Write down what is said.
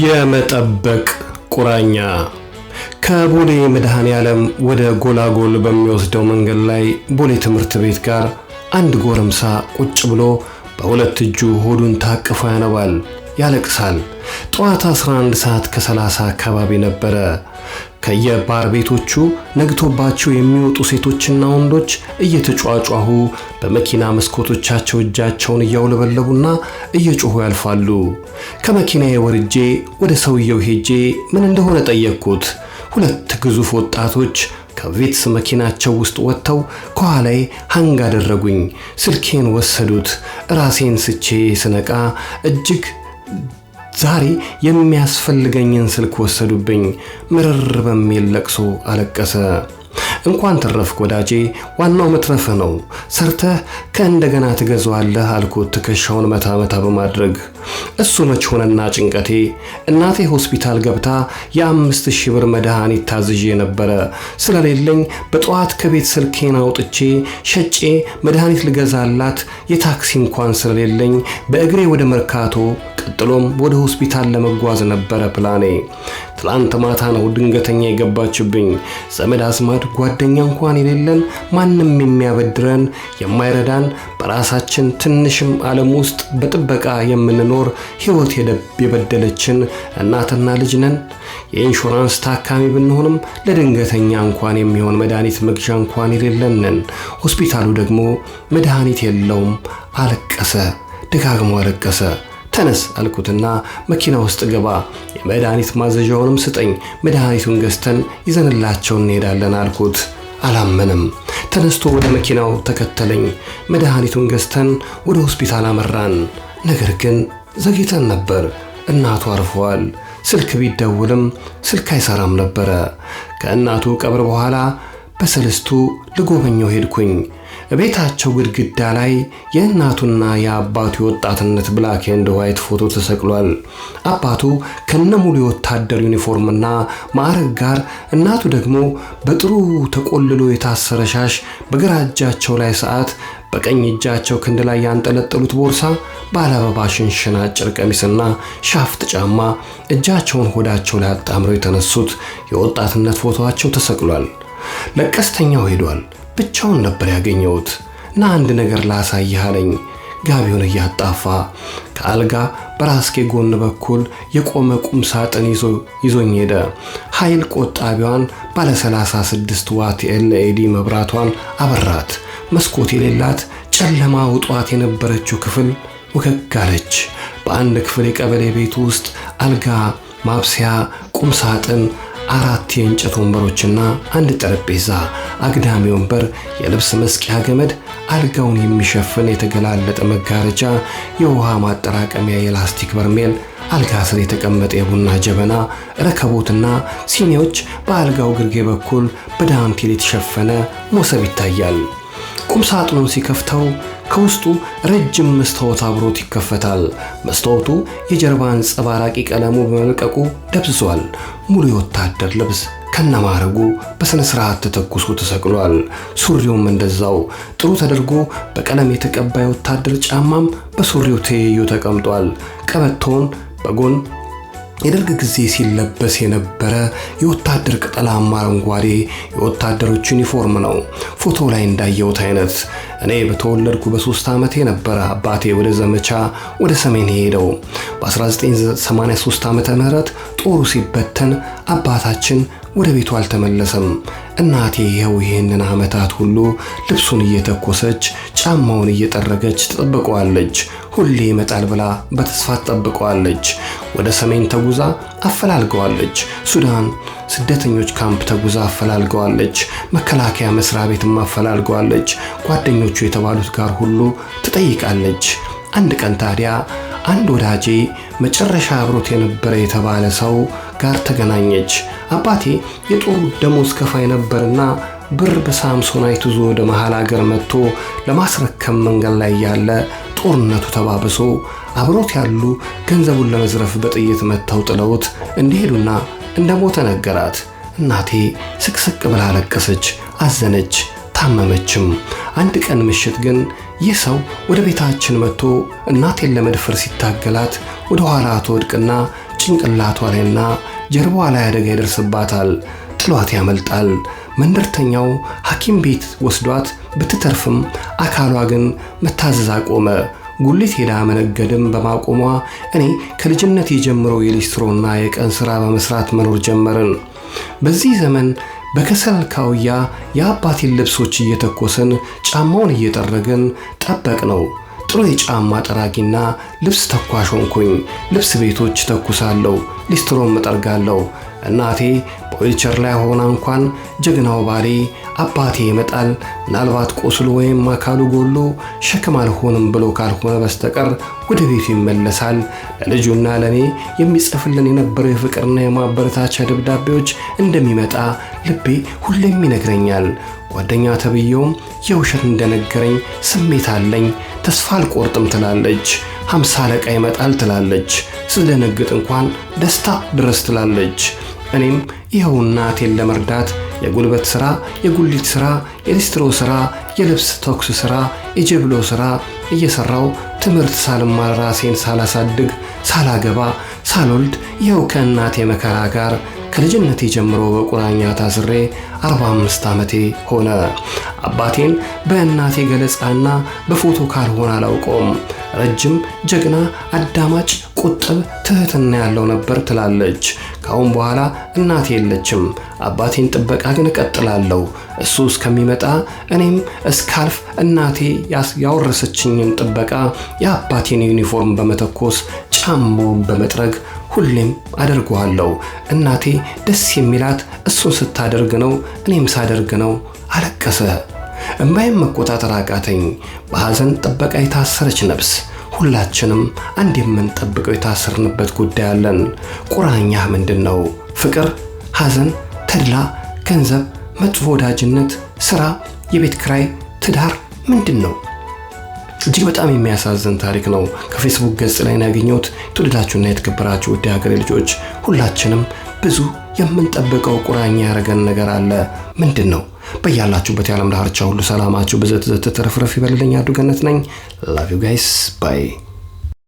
የመጠበቅ ቁራኛ ከቦሌ መድኃኔ ዓለም ወደ ጎላጎል በሚወስደው መንገድ ላይ ቦሌ ትምህርት ቤት ጋር አንድ ጎረምሳ ቁጭ ብሎ በሁለት እጁ ሆዱን ታቅፎ ያነባል፣ ያለቅሳል። ጠዋት 11 ሰዓት ከ30 አካባቢ ነበረ። ከየባር ቤቶቹ ነግቶባቸው የሚወጡ ሴቶችና ወንዶች እየተጫጫሁ በመኪና መስኮቶቻቸው እጃቸውን እያውለበለቡና እየጮሁ ያልፋሉ። ከመኪናዬ ወርጄ ወደ ሰውየው ሄጄ ምን እንደሆነ ጠየቅኩት። ሁለት ግዙፍ ወጣቶች ከቬትስ መኪናቸው ውስጥ ወጥተው ከኋላይ ሀንግ አደረጉኝ። ስልኬን ወሰዱት። ራሴን ስቼ ስነቃ እጅግ ዛሬ የሚያስፈልገኝን ስልክ ወሰዱብኝ፣ ምርር በሚል ለቅሶ አለቀሰ። እንኳን ተረፍክ ወዳጄ፣ ዋናው መትረፍህ ነው። ሰርተህ ከእንደገና ትገዛዋለህ አልኩት ትከሻውን መታ መታ በማድረግ እሱ መች ሆነና ጭንቀቴ። እናቴ ሆስፒታል ገብታ የአምስት ሺህ ብር መድኃኒት ታዝዤ ነበረ ስለሌለኝ በጠዋት ከቤት ስልኬን አውጥቼ ሸጬ መድኃኒት ልገዛላት የታክሲ እንኳን ስለሌለኝ በእግሬ ወደ መርካቶ ቀጥሎም ወደ ሆስፒታል ለመጓዝ ነበረ ፕላኔ። ትላንት ማታ ነው ድንገተኛ የገባችብኝ። ዘመድ አዝማድ ጓደኛ እንኳን የሌለን ማንም የሚያበድረን የማይረዳን በራሳችን ትንሽም ዓለም ውስጥ በጥበቃ የምንኖር ሕይወት የበደለችን እናትና ልጅ ነን። የኢንሹራንስ ታካሚ ብንሆንም ለድንገተኛ እንኳን የሚሆን መድኃኒት መግዣ እንኳን የሌለን ነን። ሆስፒታሉ ደግሞ መድኃኒት የለውም። አለቀሰ፣ ደጋግሞ አለቀሰ። ተነስ አልኩትና መኪና ውስጥ ገባ። የመድኃኒት ማዘዣውንም ስጠኝ፣ መድኃኒቱን ገዝተን ይዘንላቸው እንሄዳለን አልኩት። አላመነም። ተነስቶ ወደ መኪናው ተከተለኝ። መድኃኒቱን ገዝተን ወደ ሆስፒታል አመራን። ነገር ግን ዘግይተን ነበር። እናቱ አርፈዋል። ስልክ ቢደውልም ስልክ አይሰራም ነበረ። ከእናቱ ቀብር በኋላ በሰልስቱ ልጎበኘው ሄድኩኝ። ቤታቸው ግድግዳ ላይ የእናቱና የአባቱ የወጣትነት ብላክ ኤንድ ዋይት ፎቶ ተሰቅሏል። አባቱ ከነሙሉ የወታደር ዩኒፎርምና ማዕረግ ጋር፣ እናቱ ደግሞ በጥሩ ተቆልሎ የታሰረ ሻሽ፣ በግራ እጃቸው ላይ ሰዓት፣ በቀኝ እጃቸው ክንድ ላይ ያንጠለጠሉት ቦርሳ፣ ባለአበባ ሽንሽን አጭር ቀሚስና ሻፍጥ ጫማ እጃቸውን ሆዳቸው ላይ አጣምረው የተነሱት የወጣትነት ፎቶቸው ተሰቅሏል። ለቀስተኛው ሄዷል። ብቻውን ነበር ያገኘሁት ና አንድ ነገር ላሳይህ አለኝ። ጋቢውን እያጣፋ ከአልጋ በራስጌ ጎን በኩል የቆመ ቁም ሳጥን ይዞኝ ሄደ። ኃይል ቆጣቢዋን ባለ 36 ዋት የኤልኤዲ መብራቷን አበራት። መስኮት የሌላት ጨለማ ውጧት የነበረችው ክፍል ውከግ አለች። በአንድ ክፍል የቀበሌ ቤት ውስጥ አልጋ፣ ማብሰያ፣ ቁም ሳጥን አራት የእንጨት ወንበሮችና አንድ ጠረጴዛ፣ አግዳሚ ወንበር፣ የልብስ መስቂያ ገመድ፣ አልጋውን የሚሸፍን የተገላለጠ መጋረጃ፣ የውሃ ማጠራቀሚያ፣ የላስቲክ በርሜል፣ አልጋ ስር የተቀመጠ የቡና ጀበና፣ ረከቦትና ሲኒዎች፣ በአልጋው ግርጌ በኩል በዳንቴል የተሸፈነ ሞሰብ ይታያል። ቁም ሳጥኑን ሲከፍተው ከውስጡ ረጅም መስታወት አብሮት ይከፈታል። መስታወቱ የጀርባ አንጸባራቂ ቀለሙ በመልቀቁ ደብዝሷል። ሙሉ የወታደር ልብስ ከነማረጉ በስነ ስርዓት ተተኩሶ ተሰቅሏል። ሱሪውም እንደዛው ጥሩ ተደርጎ በቀለም የተቀባ የወታደር ጫማም በሱሪው ትይዩ ተቀምጧል። ቀበቶውን በጎን የደርግ ጊዜ ሲለበስ የነበረ የወታደር ቅጠላማ አረንጓዴ የወታደሮች ዩኒፎርም ነው። ፎቶ ላይ እንዳየሁት አይነት እኔ በተወለድኩ በሶስት ዓመቴ ነበረ አባቴ ወደ ዘመቻ ወደ ሰሜን ሄደው። በ1983 ዓመተ ምህረት ጦሩ ሲበተን አባታችን ወደ ቤቱ አልተመለሰም። እናቴ ይኸው ይህንን ዓመታት ሁሉ ልብሱን እየተኮሰች ጫማውን እየጠረገች ትጠብቀዋለች። ሁሌ ይመጣል ብላ በተስፋ ትጠብቀዋለች። ወደ ሰሜን ተጉዛ አፈላልገዋለች። ሱዳን ስደተኞች ካምፕ ተጉዛ አፈላልገዋለች። መከላከያ መስሪያ ቤትም አፈላልገዋለች። ጓደኞቹ የተባሉት ጋር ሁሉ ትጠይቃለች። አንድ ቀን ታዲያ አንድ ወዳጄ መጨረሻ አብሮት የነበረ የተባለ ሰው ጋር ተገናኘች። አባቴ የጦሩ ደሞዝ ከፋይ ነበርና ብር በሳምሶናይት ይዞ ወደ መሃል አገር መጥቶ ለማስረከም መንገድ ላይ ያለ ጦርነቱ ተባብሶ አብሮት ያሉ ገንዘቡን ለመዝረፍ በጥይት መጥተው ጥለውት እንዲሄዱና እንደ ሞተ ነገራት። እናቴ ስቅስቅ ብላ አለቀሰች፣ አዘነች፣ ታመመችም። አንድ ቀን ምሽት ግን ይህ ሰው ወደ ቤታችን መጥቶ እናቴን ለመድፈር ሲታገላት ወደ ኋላ ትወድቅና ጭንቅላቷ ላይና ጀርባዋ ላይ አደጋ ይደርስባታል። ጥሏት ያመልጣል። መንደርተኛው ሐኪም ቤት ወስዷት ብትተርፍም አካሏ ግን መታዘዝ አቆመ። ጉሊት ሄዳ መነገድም በማቆሟ እኔ ከልጅነት የጀምሮ የሊስትሮና የቀን ሥራ በመስራት መኖር ጀመርን። በዚህ ዘመን በከሰል ካውያ የአባቴን ልብሶች እየተኮሰን ጫማውን እየጠረግን ጠበቅ ነው። ጥሩ የጫማ ጠራጊና ልብስ ተኳሽ ሆንኩኝ። ልብስ ቤቶች ተኩሳለሁ፣ ሊስትሮም እጠርጋለሁ። እናቴ በዊልቸር ላይ ሆና እንኳን ጀግናው ባሌ አባቴ ይመጣል፣ ምናልባት ቁስሉ ወይም አካሉ ጎሎ ሸክም አልሆንም ብሎ ካልሆነ በስተቀር ወደ ቤቱ ይመለሳል። ለልጁና ለእኔ የሚጽፍልን የነበረው የፍቅርና የማበረታቻ ደብዳቤዎች እንደሚመጣ ልቤ ሁሌም ይነግረኛል። ጓደኛ ተብየውም የውሸት እንደነገረኝ ስሜት አለኝ፣ ተስፋ አልቆርጥም ትላለች። ሀምሳ አለቃ ይመጣል ትላለች። ስደነግጥ እንኳን ደስታ ድረስ ትላለች። እኔም ይኸው እናቴን ለመርዳት የጉልበት ሥራ፣ የጉሊት ሥራ፣ የሊስትሮ ሥራ፣ የልብስ ተኩስ ሥራ፣ የጀብሎ ሥራ እየሠራው ትምህርት ሳልማር ራሴን ሳላሳድግ ሳላገባ ሳልወልድ ይኸው ከእናቴ መከራ ጋር ከልጅነቴ ጀምሮ በቁራኛ ታስሬ 45 ዓመቴ ሆነ። አባቴን በእናቴ ገለጻና በፎቶ ካልሆነ አላውቀውም። ረጅም፣ ጀግና፣ አዳማጭ፣ ቁጥብ፣ ትህትና ያለው ነበር ትላለች። ካሁን በኋላ እናቴ የለችም። አባቴን ጥበቃ ግን እቀጥላለሁ። እሱ እስከሚመጣ እኔም እስካልፍ እናቴ ያወረሰችኝን ጥበቃ የአባቴን ዩኒፎርም በመተኮስ ጫማውን በመጥረግ ሁሌም አደርገዋለሁ። እናቴ ደስ የሚላት እሱን ስታደርግ ነው፣ እኔም ሳደርግ ነው። አለቀሰ። እምባዬም መቆጣጠር አቃተኝ። በሐዘን ጥበቃ የታሰረች ነብስ ሁላችንም አንድ የምንጠብቀው የታሰርንበት ጉዳይ አለን። ቁራኛህ ምንድን ነው? ፍቅር፣ ሐዘን፣ ተድላ፣ ገንዘብ፣ መጥፎ ወዳጅነት፣ ስራ፣ የቤት ክራይ፣ ትዳር ምንድን ነው? እጅግ በጣም የሚያሳዝን ታሪክ ነው። ከፌስቡክ ገጽ ላይ ያገኘሁት። የተወደዳችሁና የተከበራችሁ ውድ ሀገሬ ልጆች ሁላችንም ብዙ የምንጠብቀው ቁራኛ ያደረገን ነገር አለ። ምንድን ነው? በያላችሁበት የዓለም ዳርቻ ሁሉ ሰላማችሁ ብዘት ዘት ተረፍረፍ ይበልልኝ። አዱገነት ነኝ። ላቭ ዩ ጋይስ ባይ